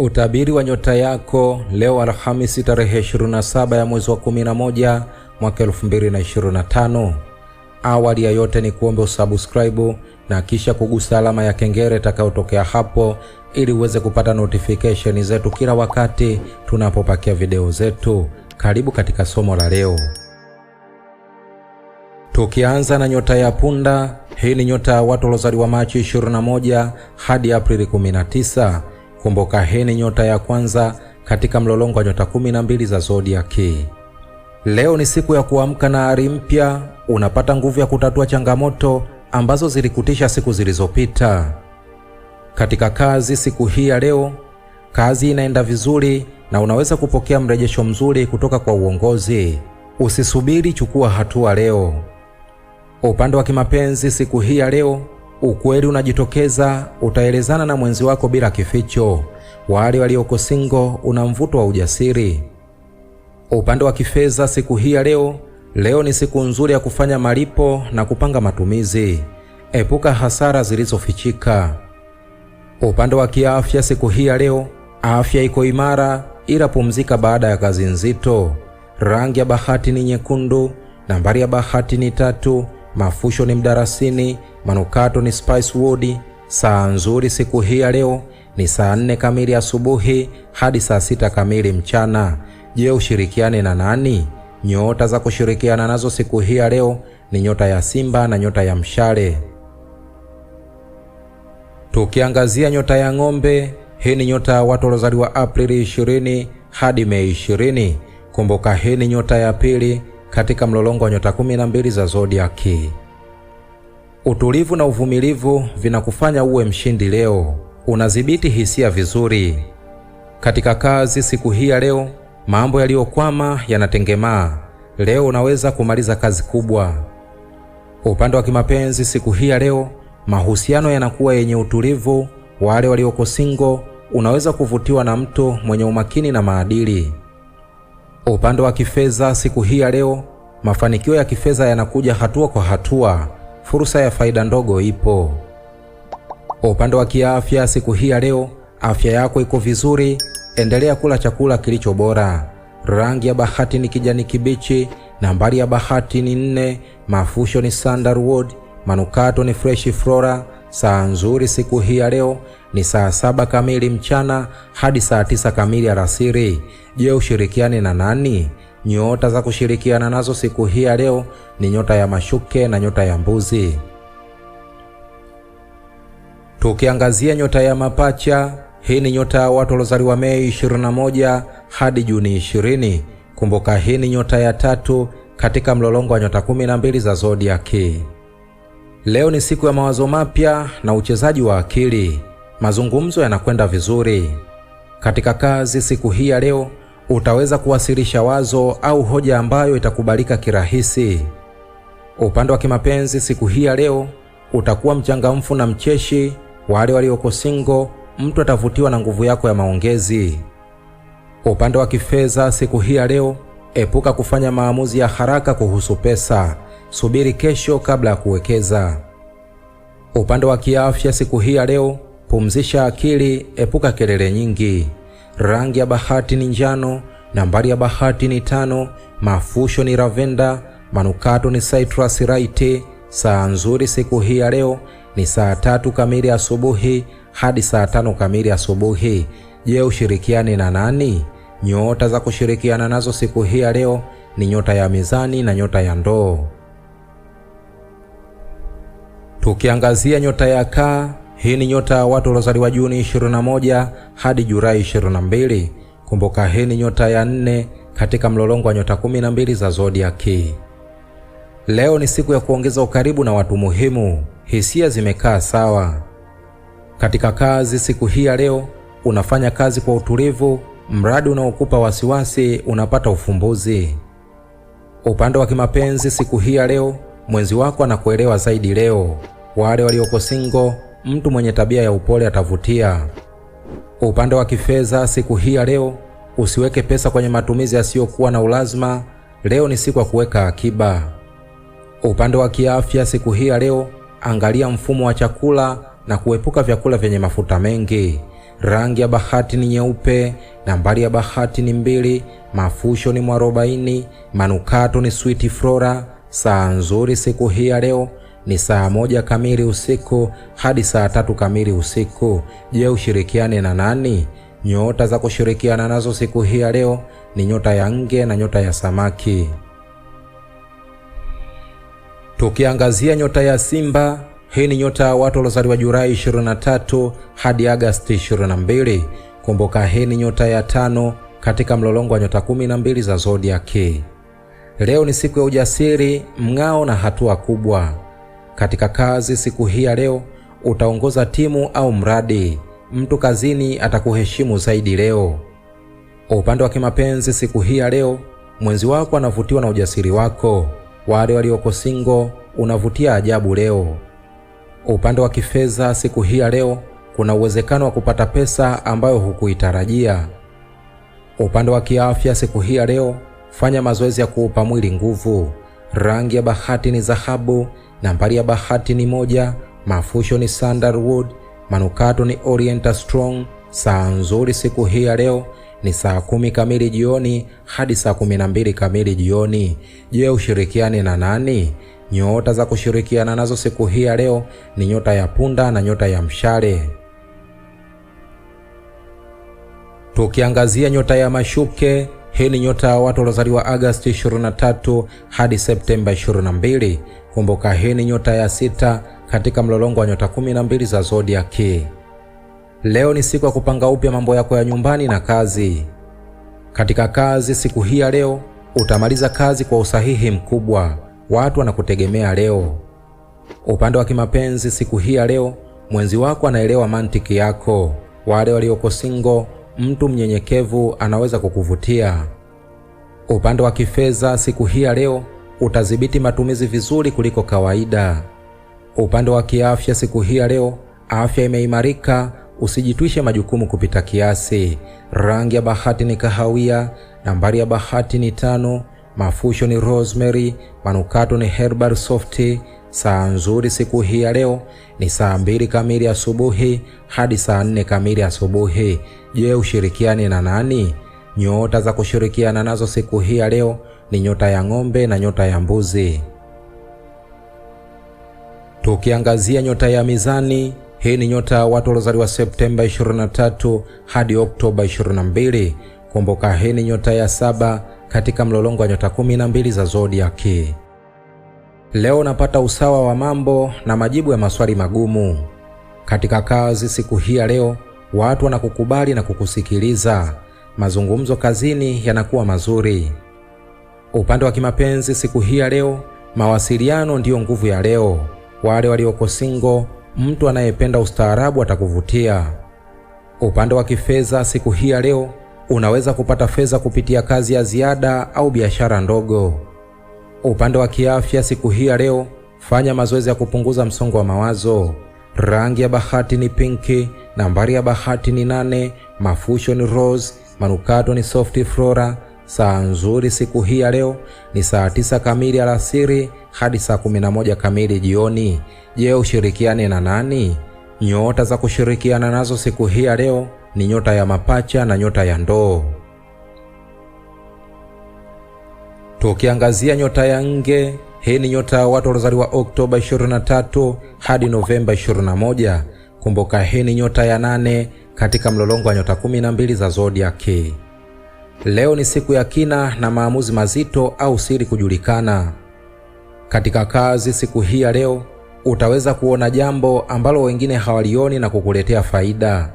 Utabiri wa nyota yako leo Alhamisi tarehe 27 ya mwezi wa 11 mwaka 2025. Awali ya yote ni kuombe usubscribe na kisha kugusa alama ya kengele itakayotokea hapo ili uweze kupata notification zetu kila wakati tunapopakia video zetu. Karibu katika somo la leo. Tukianza na nyota ya punda, hii ni nyota ya watu waliozaliwa Machi 21 hadi Aprili 19. Kumbuka ni nyota ya kwanza katika mlolongo wa nyota kumi na mbili za zodiaki. Leo ni siku ya kuamka na ari mpya, unapata nguvu ya kutatua changamoto ambazo zilikutisha siku zilizopita. Katika kazi siku hii ya leo, kazi inaenda vizuri na unaweza kupokea mrejesho mzuri kutoka kwa uongozi. Usisubiri, chukua hatua leo. Upande wa kimapenzi siku hii ya leo ukweli unajitokeza, utaelezana na mwenzi wako bila kificho. Wale walioko singo, una mvuto wa ujasiri. Upande wa kifedha siku hii ya leo, leo ni siku nzuri ya kufanya malipo na kupanga matumizi. Epuka hasara zilizofichika. Upande wa kiafya siku hii ya leo, afya iko imara, ila pumzika baada ya kazi nzito. Rangi ya bahati ni nyekundu. Nambari ya bahati ni tatu mafusho ni mdarasini, manukato ni wood. Saa nzuri siku hii ya leo ni saa nne kamili asubuhi hadi saa sita kamili mchana. Je, ushirikiane na nani? Nyota za kushirikiana nazo siku hii ya leo ni nyota ya Simba na nyota ya Mshale. Tukiangazia nyota ya Ng'ombe, hii ni nyota ya watu waliozaliwa Aprili 20 hadi Mei 20. Kumbuka, hii ni nyota ya pili katika mlolongo wa nyota mbili za zodiaki. Utulivu na uvumilivu vinakufanya uwe mshindi leo. Unadhibiti hisia vizuri. Katika kazi siku hii ya leo, mambo yaliyokwama yanatengemaa. Leo unaweza kumaliza kazi kubwa. Upande wa kimapenzi siku hii ya leo, mahusiano yanakuwa yenye utulivu. Wale walioko singo, unaweza kuvutiwa na mtu mwenye umakini na maadili upande wa kifedha siku hii ya leo, mafanikio ya kifedha yanakuja hatua kwa hatua, fursa ya faida ndogo ipo. upande wa kiafya siku hii ya leo, afya yako iko vizuri, endelea kula chakula kilicho bora. Rangi ya bahati ni kijani kibichi, nambari ya bahati ni nne, mafusho ni sandalwood, manukato ni fresh flora. Saa nzuri siku hii ya leo ni saa saba kamili mchana hadi saa tisa kamili alasiri. Je, ushirikiane na nani? Nyota za kushirikiana nazo siku hii ya leo ni nyota ya mashuke na nyota ya mbuzi. Tukiangazia nyota ya mapacha, hii ni nyota ya watu waliozaliwa Mei 21 hadi Juni 20. Kumbuka, hii ni nyota ya tatu katika mlolongo wa nyota 12 za zodiaki. Leo ni siku ya mawazo mapya na uchezaji wa akili. Mazungumzo yanakwenda vizuri. Katika kazi siku hii ya leo, utaweza kuwasilisha wazo au hoja ambayo itakubalika kirahisi. Upande wa kimapenzi siku hii ya leo, utakuwa mchangamfu na mcheshi. Wale walioko singo, mtu atavutiwa na nguvu yako ya maongezi. Upande wa kifedha siku hii ya leo, epuka kufanya maamuzi ya haraka kuhusu pesa subiri kesho kabla ya kuwekeza. Upande wa kiafya siku hii ya leo, pumzisha akili, epuka kelele nyingi. Rangi ya bahati ni njano, nambari ya bahati ni tano, mafusho ni ravenda, manukato ni citrus right. Saa nzuri siku hii ya leo ni saa tatu kamili asubuhi hadi saa tano kamili asubuhi. Je, ushirikiane na nani? Nyota za kushirikiana nazo siku hii ya leo ni nyota ya mizani na nyota ya ndoo. Tukiangazia nyota ya Kaa, hii ni nyota ya watu waliozaliwa Juni 21 hadi Julai 22. Kumbuka hii ni nyota ya nne katika mlolongo wa nyota 12 za zodiaki. Leo ni siku ya kuongeza ukaribu na watu muhimu, hisia zimekaa sawa. Katika kazi siku hii ya leo, unafanya kazi kwa utulivu, mradi unaokupa wasiwasi unapata ufumbuzi. Upande wa kimapenzi siku hii ya leo mwenzi wako anakuelewa zaidi leo. Wale walioko single, mtu mwenye tabia ya upole atavutia. Upande wa kifedha siku hii ya leo, usiweke pesa kwenye matumizi yasiyokuwa na ulazima. Leo ni siku ya kuweka akiba. Upande wa kiafya siku hii ya leo, angalia mfumo wa chakula na kuepuka vyakula vyenye mafuta mengi. Rangi ya bahati ni nyeupe. Nambari ya bahati ni mbili. Mafusho ni mwarobaini. Manukato ni switi flora. Saa nzuri siku hii ya leo ni saa moja kamili usiku hadi saa tatu kamili usiku. Je, ushirikiane na nani? Nyota za kushirikiana nazo siku hii ya leo ni nyota ya nge na nyota ya samaki. Tukiangazia nyota ya Simba, hii ni nyota ya watu waliozaliwa Julai 23 hadi Agasti 22. Kumbuka, hii ni nyota ya tano katika mlolongo wa nyota 12 za zodiaki. Leo ni siku ya ujasiri, mng'ao na hatua kubwa katika kazi. Siku hii ya leo utaongoza timu au mradi, mtu kazini atakuheshimu zaidi leo. Upande wa kimapenzi, siku hii ya leo mwenzi wako anavutiwa na ujasiri wako. Wale walioko singo, unavutia ajabu leo. Upande wa kifedha, siku hii ya leo kuna uwezekano wa kupata pesa ambayo hukuitarajia. Upande wa kiafya, siku hii ya leo Fanya mazoezi ya kuupa mwili nguvu. Rangi ya bahati ni dhahabu, nambari ya bahati ni moja, mafusho ni sandalwood, manukato ni oriental strong. Saa nzuri siku hii ya leo ni saa kumi kamili jioni hadi saa kumi na mbili kamili jioni. Je, ushirikiane na nani? Nyota za kushirikiana nazo siku hii ya leo ni nyota ya punda na nyota ya mshale. Tukiangazia nyota ya mashuke, hii ni nyota ya watu waliozaliwa Agosti 23 hadi Septemba 22. Kumbuka, hii ni nyota ya sita katika mlolongo wa nyota 12 za zodiaki. Leo ni siku ya kupanga upya mambo yako ya nyumbani na kazi. Katika kazi siku hii ya leo utamaliza kazi kwa usahihi mkubwa, watu wanakutegemea leo. Upande wa kimapenzi siku hii ya leo, mwenzi wako anaelewa mantiki yako. Wale walioko single mtu mnyenyekevu anaweza kukuvutia. Upande wa kifedha siku hii ya leo utadhibiti matumizi vizuri kuliko kawaida. Upande wa kiafya siku hii ya leo, afya imeimarika, usijitwishe majukumu kupita kiasi. Rangi ya bahati ni kahawia, nambari ya bahati ni tano, mafusho ni rosemary, manukato ni herbal soft. Saa nzuri siku hii ya leo ni saa mbili kamili asubuhi hadi saa nne kamili asubuhi. Je, ushirikiani na nani? Nyota za kushirikiana nazo siku hii ya leo ni nyota ya ng'ombe na nyota ya mbuzi. Tukiangazia nyota ya Mizani, hii ni nyota ya watu waliozaliwa Septemba 23 hadi Oktoba 22. Kumbuka, hii ni nyota ya saba katika mlolongo wa nyota 12 za zodiaki. Leo napata usawa wa mambo na majibu ya maswali magumu. Katika kazi siku hii ya leo, watu wanakukubali na kukusikiliza. Mazungumzo kazini yanakuwa mazuri. Upande wa kimapenzi siku hii ya leo, mawasiliano ndiyo nguvu ya leo. Wale walioko singo, mtu anayependa ustaarabu atakuvutia. Upande wa kifedha siku hii ya leo, unaweza kupata fedha kupitia kazi ya ziada au biashara ndogo. Upande wa kiafya siku hii ya leo, fanya mazoezi ya kupunguza msongo wa mawazo. Rangi ya bahati ni pinki, nambari ya bahati ni nane, mafusho ni rose, manukato ni soft flora. Saa nzuri siku hii ya leo ni saa tisa kamili alasiri hadi saa kumi na moja kamili jioni. Je, ushirikiane na nani? Nyota za kushirikiana nazo siku hii ya leo ni nyota ya mapacha na nyota ya ndoo. Tukiangazia nyota ya nge, hii ni nyota ya watu waliozaliwa Oktoba 23 hadi Novemba 21. Kumbuka hii ni nyota ya nane katika mlolongo wa nyota 12 za zodiaki. Leo ni siku ya kina na maamuzi mazito au siri kujulikana. Katika kazi siku hii ya leo, utaweza kuona jambo ambalo wengine hawalioni na kukuletea faida.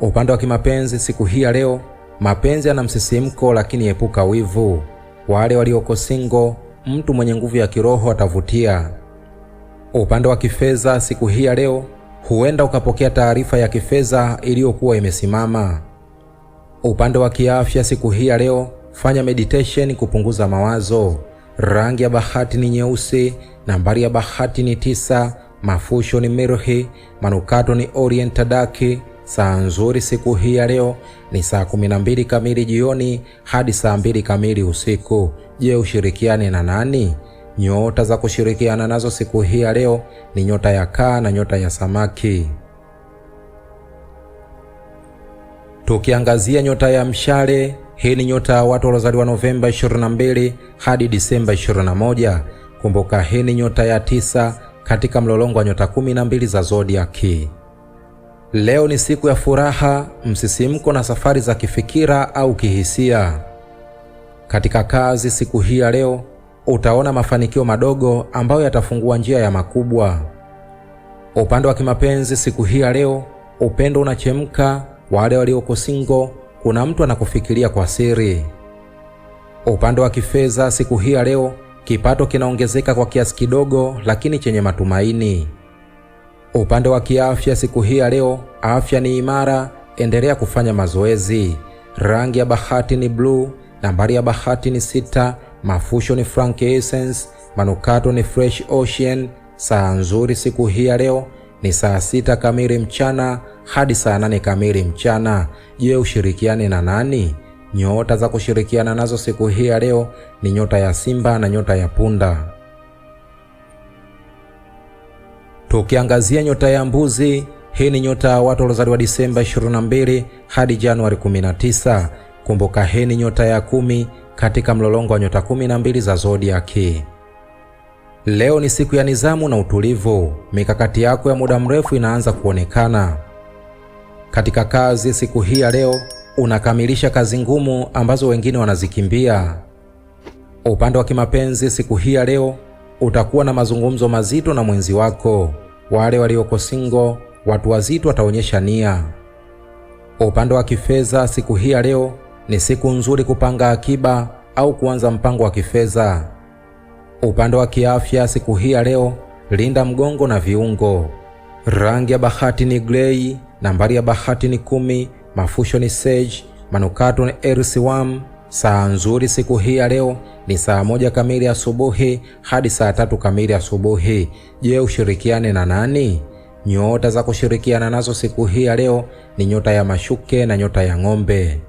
Upande wa kimapenzi siku hii ya leo, mapenzi yana msisimko, lakini epuka wivu. Wale walioko singo, mtu mwenye nguvu ya kiroho atavutia. Upande wa kifedha siku hii ya leo, huenda ukapokea taarifa ya kifedha iliyokuwa imesimama. Upande wa kiafya siku hii ya leo, fanya meditation kupunguza mawazo. Rangi ya bahati ni nyeusi, nambari ya bahati ni tisa, mafusho ni mirhi, manukato ni daki. Saa nzuri siku hii ya leo ni saa 12 kamili jioni hadi saa 2 kamili usiku. Je, ushirikiane na nani? Nyota za kushirikiana nazo siku hii ya leo ni nyota ya kaa na nyota ya samaki. Tukiangazia nyota ya mshale, hii ni nyota ya watu waliozaliwa Novemba 22 hadi Disemba 21. Kumbuka, hii ni nyota ya tisa katika mlolongo wa nyota 12 za zodiaki. Leo ni siku ya furaha, msisimko na safari za kifikira au kihisia. Katika kazi siku hii ya leo, utaona mafanikio madogo ambayo yatafungua njia ya makubwa. Upande wa kimapenzi siku hii ya leo, upendo unachemka. Wale walioko single, kuna mtu anakufikiria kwa siri. Upande wa kifedha siku hii ya leo, kipato kinaongezeka kwa kiasi kidogo, lakini chenye matumaini. Upande wa kiafya siku hii ya leo, afya ni imara, endelea kufanya mazoezi. Rangi ya bahati ni bluu, nambari ya bahati ni sita, mafusho ni frankincense, manukato ni fresh ocean. Saa nzuri siku hii ya leo ni saa sita kamili mchana hadi saa nane kamili mchana. Je, ushirikiane na nani? Nyota za kushirikiana nazo siku hii ya leo ni nyota ya Simba na nyota ya Punda. Tukiangazia nyota ya mbuzi, hii ni nyota ya watu waliozaliwa Disemba 22 hadi Januari 19. Kumbuka, hii ni nyota ya kumi katika mlolongo wa nyota 12 za zodiaki. Leo ni siku ya nizamu na utulivu. Mikakati yako ya muda mrefu inaanza kuonekana. Katika kazi siku hii ya leo, unakamilisha kazi ngumu ambazo wengine wanazikimbia. Upande wa kimapenzi siku hii ya leo, utakuwa na mazungumzo mazito na mwenzi wako. Wale walioko singo, watu wazito wataonyesha nia. Upande wa kifedha, siku hii ya leo ni siku nzuri kupanga akiba au kuanza mpango wa kifedha. Upande wa kiafya, siku hii ya leo, linda mgongo na viungo. Rangi ya bahati ni grey, nambari ya bahati ni kumi, mafusho ni sage, manukato ni earthworm. Saa nzuri siku hii ya leo ni saa moja kamili asubuhi hadi saa tatu kamili asubuhi. Je, ushirikiane na nani? Nyota za kushirikiana nazo siku hii ya leo ni nyota ya mashuke na nyota ya ng'ombe.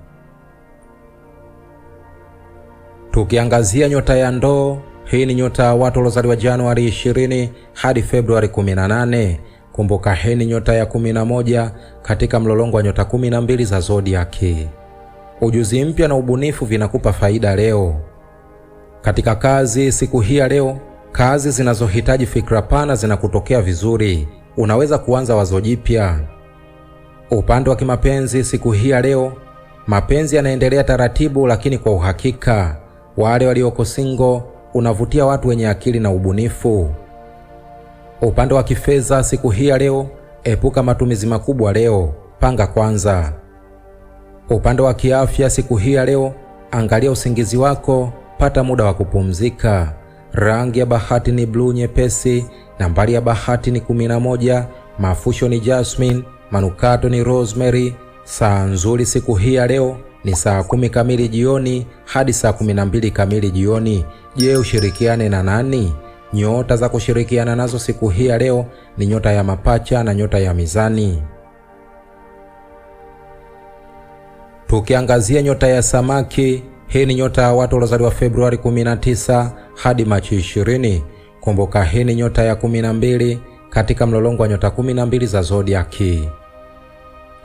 Tukiangazia nyota ya ndoo, hii ni nyota ya watu waliozaliwa Januari 20 hadi Februari 18. Kumbuka, hii ni nyota ya 11 katika mlolongo wa nyota 12 za zodiaki. Ujuzi mpya na ubunifu vinakupa faida leo. Katika kazi siku hii ya leo, kazi zinazohitaji fikra pana zinakutokea vizuri. Unaweza kuanza wazo jipya. Upande wa kimapenzi siku hii ya leo, mapenzi yanaendelea taratibu lakini kwa uhakika. Wale walioko singo, unavutia watu wenye akili na ubunifu. Upande wa kifedha siku hii ya leo, epuka matumizi makubwa leo, panga kwanza. Upande wa kiafya siku hii ya leo, angalia usingizi wako, pata muda wa kupumzika. Rangi ya bahati ni bluu nyepesi, nambari ya bahati ni moja. mafusho ni jasmine, manukato ni rosemary. Saa nzuri siku hii ya leo ni saa kumi kamili jioni hadi saa kumi na mbili kamili jioni. Je, ushirikiane na nani? Nyota za kushirikiana nazo siku hii ya leo ni nyota ya mapacha na nyota ya mizani. tukiangazia nyota ya samaki. Hii ni nyota ya watu waliozaliwa Februari 19 hadi Machi 20. Kumbuka hii ni nyota ya 12 katika mlolongo wa nyota 12 za zodiaki.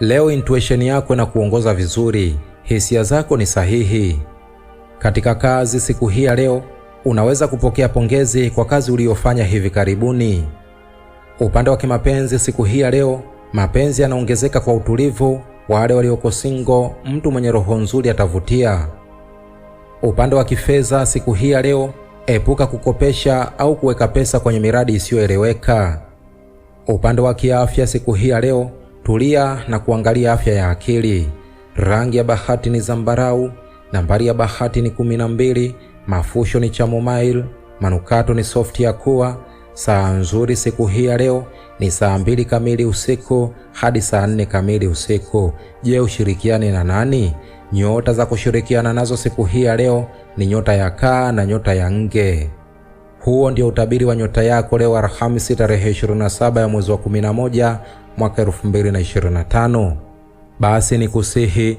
Leo intuition yako na kuongoza vizuri, hisia zako ni sahihi. Katika kazi siku hii ya leo, unaweza kupokea pongezi kwa kazi uliyofanya hivi karibuni. Upande wa kimapenzi siku hii ya leo, mapenzi yanaongezeka kwa utulivu wale walioko singo, mtu mwenye roho nzuri atavutia. Upande wa kifedha siku hii ya leo, epuka kukopesha au kuweka pesa kwenye miradi isiyoeleweka. Upande wa kiafya siku hii ya leo, tulia na kuangalia afya ya akili. Rangi ya bahati ni zambarau. Nambari ya bahati ni kumi na mbili. Mafusho ni chamomile. Manukato ni softi ya kuwa Saa nzuri siku hii ya leo ni saa mbili kamili usiku hadi saa nne kamili usiku. Je, ushirikiane na nani? Nyota za kushirikiana nazo siku hii ya leo ni nyota ya kaa na nyota ya nge. Huo ndio utabiri wa nyota yako leo Alhamisi tarehe 27 ya mwezi wa 11 mwaka 2025. Basi ni kusihi